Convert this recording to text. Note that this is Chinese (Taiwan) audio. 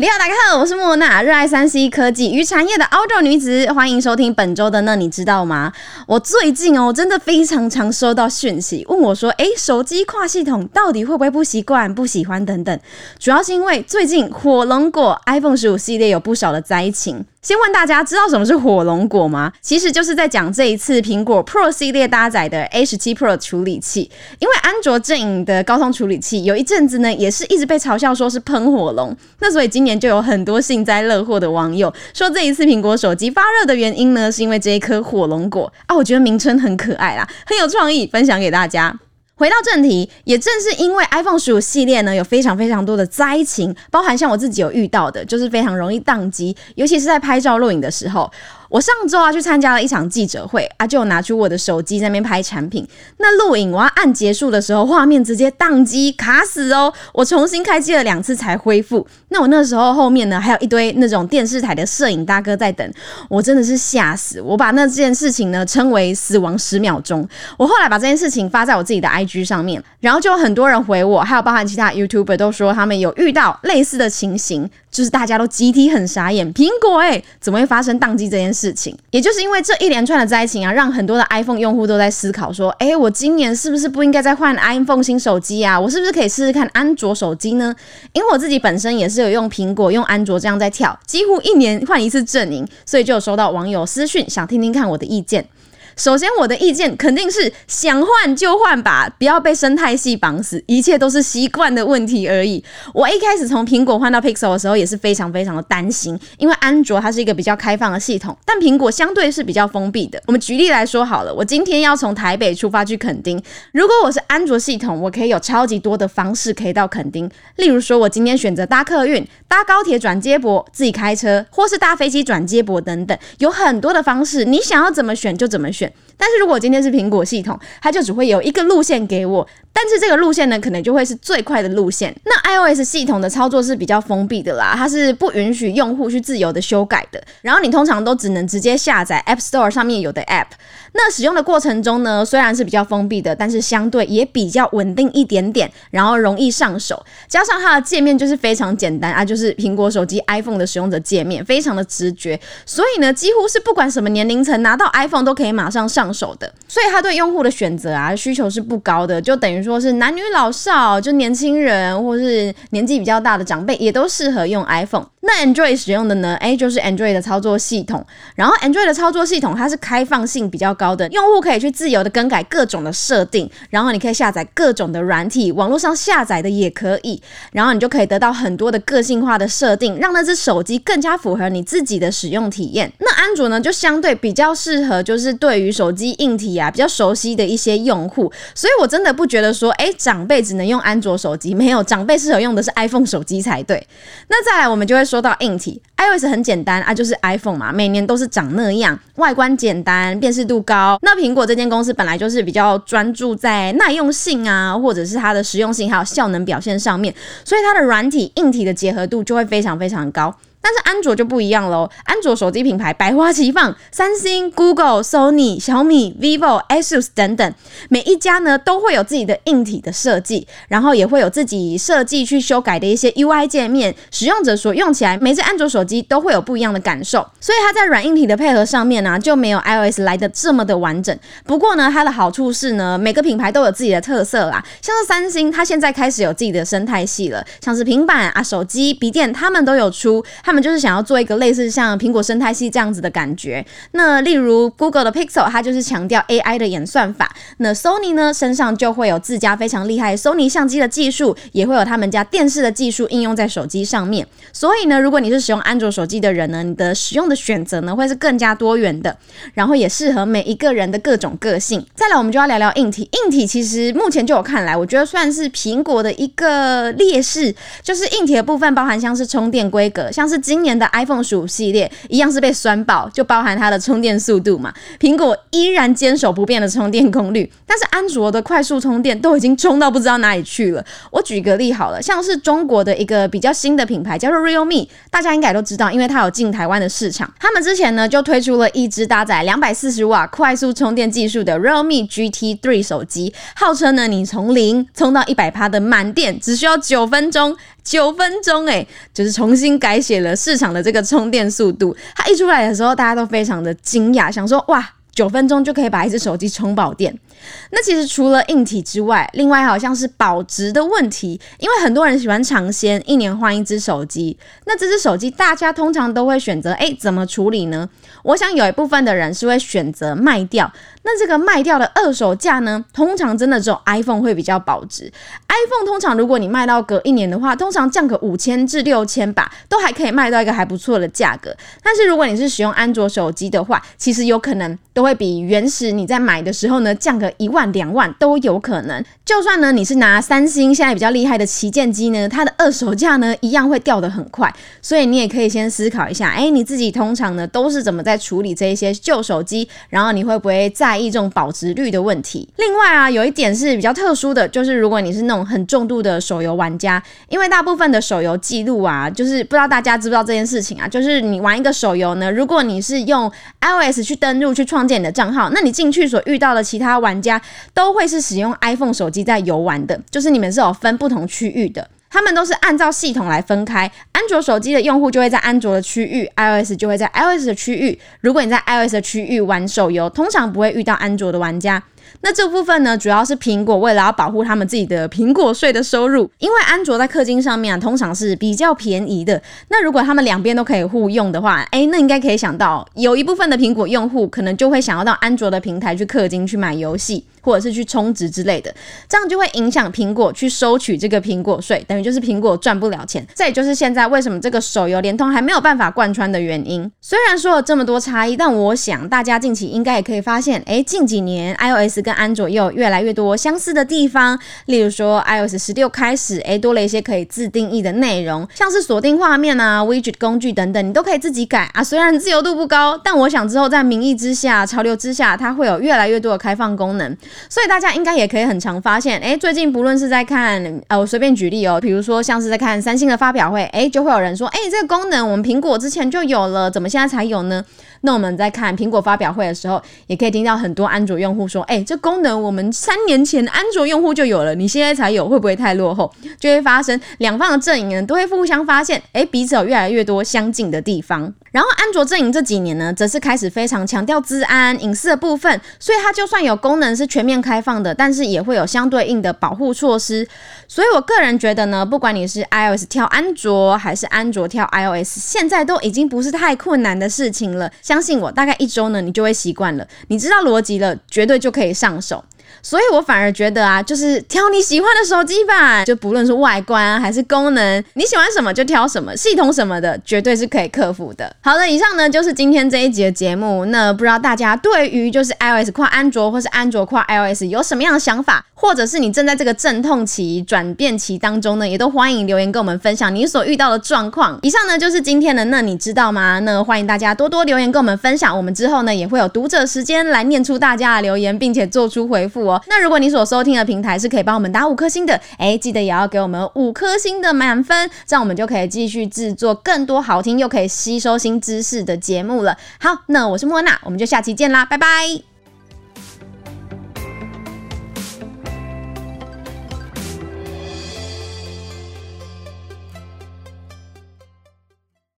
你好，大家好，我是莫娜，熱愛三 C 科技與產業的澳洲女子，歡迎收聽本周的那你知道嗎？我最近哦，真的非常常收到訊息，問我說，誒、欸、手機跨系統到底會不會不習慣、不喜歡等等，主要是因為最近火龍果 iPhone 十五系列有不少的災情。先問大家，知道什麼是火龍果嗎？其實就是在講這一次蘋果 Pro 系列搭載的 A 十七 Pro 處理器，因為安卓陣營的高通處理器有一陣子呢，也是一直被嘲笑說是噴火龍。那所以今年就有很多幸災樂禍的網友說，這一次蘋果手機發熱的原因呢，是因為這一顆火龍果啊。我覺得名稱很可愛啦，很有創意，分享給大家。回到正題，也正是因為 iPhone 十五系列呢，有非常非常多的災情，包含像我自己有遇到的，就是非常容易當機，尤其是在拍照錄影的時候。我上週啊去參加了一場記者會，啊，就拿出我的手機在那邊拍產品。那錄影我要按結束的時候，畫面直接當機卡死哦！我重新開機了兩次才恢復。那我那時候後面呢，還有一堆那種電視台的攝影大哥在等我，真的是嚇死！我把那件事情呢稱為“死亡十秒鐘”。我後來把這件事情發在我自己的 IG 上面，然後就有很多人回我，還有包含其他 YouTuber 都說他們有遇到類似的情形。就是大家都集體很傻眼，蘋果誒、欸，怎麼會發生宕機這件事情？也就是因為這一連串的災情啊，讓很多的 iPhone 用戶都在思考說，誒、欸，我今年是不是不應該再換 iPhone 新手機啊？我是不是可以試試看安卓手機呢？因為我自己本身也是有用蘋果、用安卓這樣在跳，幾乎一年換一次陣營，所以就有收到網友私訊，想聽聽看我的意見。首先，我的意見肯定是想換就換吧，不要被生態系綁死，一切都是習慣的問題而已。我一開始從蘋果換到 Pixel 的時候也是非常非常的擔心，因為安卓它是一個比較開放的系統，但蘋果相對是比較封閉的。我們舉例來說好了，我今天要從台北出發去墾丁，如果我是安卓系統，我可以有超級多的方式可以到墾丁，例如說我今天選擇搭客運、搭高鐵轉接駁、自己開車，或是搭飛機轉接駁等等，有很多的方式，你想要怎麼選就怎麼選。但是如果今天是蘋果系統，它就只會有一個路線給我。但是這個路線呢，可能就會是最快的路線。那 iOS 系統的操作是比較封閉的啦，它是不允許用戶去自由的修改的。然後你通常都只能直接下載 App Store 上面有的 App。那使用的過程中呢，雖然是比較封閉的，但是相對也比較穩定一點點，然後容易上手。加上它的界面就是非常簡單啊，就是蘋果手機 iPhone 的使用者界面，非常的直覺，所以呢，幾乎是不管什麼年齡層，拿到 iPhone 都可以馬上。上手的，所以他對用戶的選擇啊、需求是不高的，就等於說是男女老少，就年輕人或是年紀比較大的長輩也都適合用 iPhone。那 Android 使用的呢？哎、欸，就是 Android 的操作系統，然後 Android 的操作系統，它是開放性比較高的，用戶可以去自由的更改各種的設定，然後你可以下載各種的軟體，網絡上下載的也可以，然後你就可以得到很多的個性化的設定，讓那只手機更加符合你自己的使用體驗。那安卓呢，就相對比較適合，就是對於手機硬體啊，比較熟悉的一些用戶，所以我真的不覺得說，誒、欸，長輩只能用安卓手機，沒有長輩適合用的是 iPhone 手機才對。那再來，我們就會說到硬體，iOS 很簡單啊，就是 iPhone 嘛，每年都是長那樣，外觀簡單，辨識度高。那蘋果這間公司本來就是比較專注在耐用性啊，或者是它的實用性還有效能表現上面，所以它的軟體硬體的結合度就會非常非常高。但是安卓就不一樣嘍，安卓手機品牌百花齊放，三星、Google、Sony、小米、Vivo、Asus 等等，每一家呢都會有自己的硬體的設計，然後也會有自己設計去修改的一些 UI 界面，使用者所用起來，每只安卓手機都會有不一樣的感受，所以它在軟硬體的配合上面呢、啊，就沒有 iOS 來得這麼的完整。不過呢，它的好處是呢，每個品牌都有自己的特色啦。像是三星，它現在開始有自己的生態系了，像是平板啊、手機、筆電，它們都有出。他們就是想要做一個類似像蘋果生態系這樣子的感覺。那例如 Google 的 Pixel，它就是強調 AI 的演算法。那 Sony 呢，身上就會有自家非常厲害 Sony 相機的技術，也會有他們家電視的技術應用在手機上面。所以呢，如果你是使用安卓手機的人呢，你的使用的選擇呢會是更加多元的，然後也適合每一個人的各種個性。再來，我們就要聊聊硬體。硬體其實目前就我看來，我覺得算是蘋果的一個劣勢，就是硬體的部分包含像是充電規格，像是今年的 iPhone 十五系列一樣是被酸爆，就包含它的充電速度嘛。蘋果依然堅守不變的充電功率，但是安卓的快速充電都已經充到不知道哪裡去了。我舉個例好了，像是中國的一個比較新的品牌叫做 Realme，大家應該都知道，因為它有進台灣的市場。他們之前呢就推出了一支搭載兩百四十瓦快速充電技術的 Realme GT3 手機，號稱呢你從零充到一百趴的滿電只需要九分鐘。九分鐘欸，就是重新改寫了市場的這個充電速度。它一出來的時候，大家都非常的驚訝，想說哇，九分鐘就可以把一隻手機充飽電。那其實除了硬體之外，另外好像是保值的問題，因為很多人喜歡嘗鮮，一年換一隻手機。那這隻手機大家通常都會選擇欸，怎麼處理呢？我想有一部分的人是會選擇賣掉。那這個賣掉的二手價呢，通常真的只有 iPhone 會比較保值。iPhone 通常如果你賣到隔一年的話，通常降個五千至六千吧，都還可以賣到一個還不錯的價格。但是如果你是使用安卓手機的話，其實有可能都會比原始你在買的時候呢，降個一萬兩萬都有可能。就算呢你是拿三星現在比較厲害的旗艦機呢，它的二手價呢一樣會掉得很快。所以你也可以先思考一下，哎、欸，你自己通常呢都是怎麼在處理這一些舊手機，然後你會不會再。一種保值率的問題。另外啊，有一點是比較特殊的就是，如果你是那種很重度的手遊玩家，因為大部分的手遊記錄啊，就是不知道大家知不知道這件事情啊，就是你玩一個手遊呢，如果你是用 iOS 去登錄，去創建你的賬號，那你進去所遇到的其他玩家都會是使用 iPhone 手機在遊玩的，就是你們是有分不同區域的。他們都是按照系統來分開，安卓手機的用戶就會在安卓的區域，iOS 就會在 iOS 的區域。如果你在 iOS 的區域玩手遊，通常不會遇到安卓的玩家。那這部分呢，主要是蘋果為了要保護他們自己的蘋果稅的收入，因為安卓在氪金上面啊，通常是比較便宜的。那如果他們兩邊都可以互用的話，哎、欸，那應該可以想到，有一部分的蘋果用戶可能就會想要到安卓的平台去氪金去買遊戲，或者是去充值之類的，這樣就會影響蘋果去收取這個蘋果稅，等於就是蘋果賺不了錢。這也就是現在為什麼這個手遊聯通還沒有辦法貫穿的原因。雖然說了這麼多差異，但我想大家近期應該也可以發現，哎、欸，近幾年 iOS。跟安卓有越來越多相似的地方，例如說 iOS 十六開始，誒、欸，多了一些可以自定義的內容，像是鎖定畫面啊、Widget 工具等等，你都可以自己改啊。雖然自由度不高，但我想之後在民意之下、潮流之下，它會有越來越多的開放功能。所以大家應該也可以很常發現，誒、欸，最近不論是在看，呃，我隨便舉例哦、喔，比如說像是在看三星的發表會，誒、欸，就會有人說，誒、欸，這個功能我們蘋果之前就有了，怎麼現在才有呢？那我們在看蘋果發表會的時候，也可以聽到很多安卓用戶說：“哎、欸，這功能我們三年前安卓用戶就有了，你現在才有，會不會太落後？”就會發生兩方的陣營呢都會互相發現，哎、欸，彼此有越來越多相近的地方。然後，安卓陣營這幾年呢，則是開始非常強調資安、隱私的部分，所以它就算有功能是全面開放的，但是也會有相對應的保護措施。所以我個人覺得呢，不管你是 iOS 跳安卓，還是安卓跳 iOS，現在都已經不是太困難的事情了。相信我，大概一周呢，你就會習慣了。你知道邏輯了，絕對就可以上手。所以我反而覺得啊，就是挑你喜歡的手機吧，就不論是外觀啊，還是功能，你喜歡什麼就挑什麼，系統什麼的絕對是可以克服的。好的，以上呢就是今天這一集的節目。那不知道大家對於就是 iOS 跨安卓或是安卓跨 iOS 有什麼樣的想法，或者是你正在這個陣痛期、轉變期當中呢，也都歡迎留言跟我們分享你所遇到的狀況。以上呢就是今天的，那你知道嗎？那歡迎大家多多留言跟我們分享，我們之後呢也會有讀者時間來唸出大家的留言，並且做出回復哦。那如果你所收聽的平台是可以幫我們打五顆星的，哎，記得也要給我們五顆星的滿分，這樣我們就可以繼續制作更多好聽又可以吸收新知識的節目了。好，那我是莫娜，我們就下期見啦，拜拜。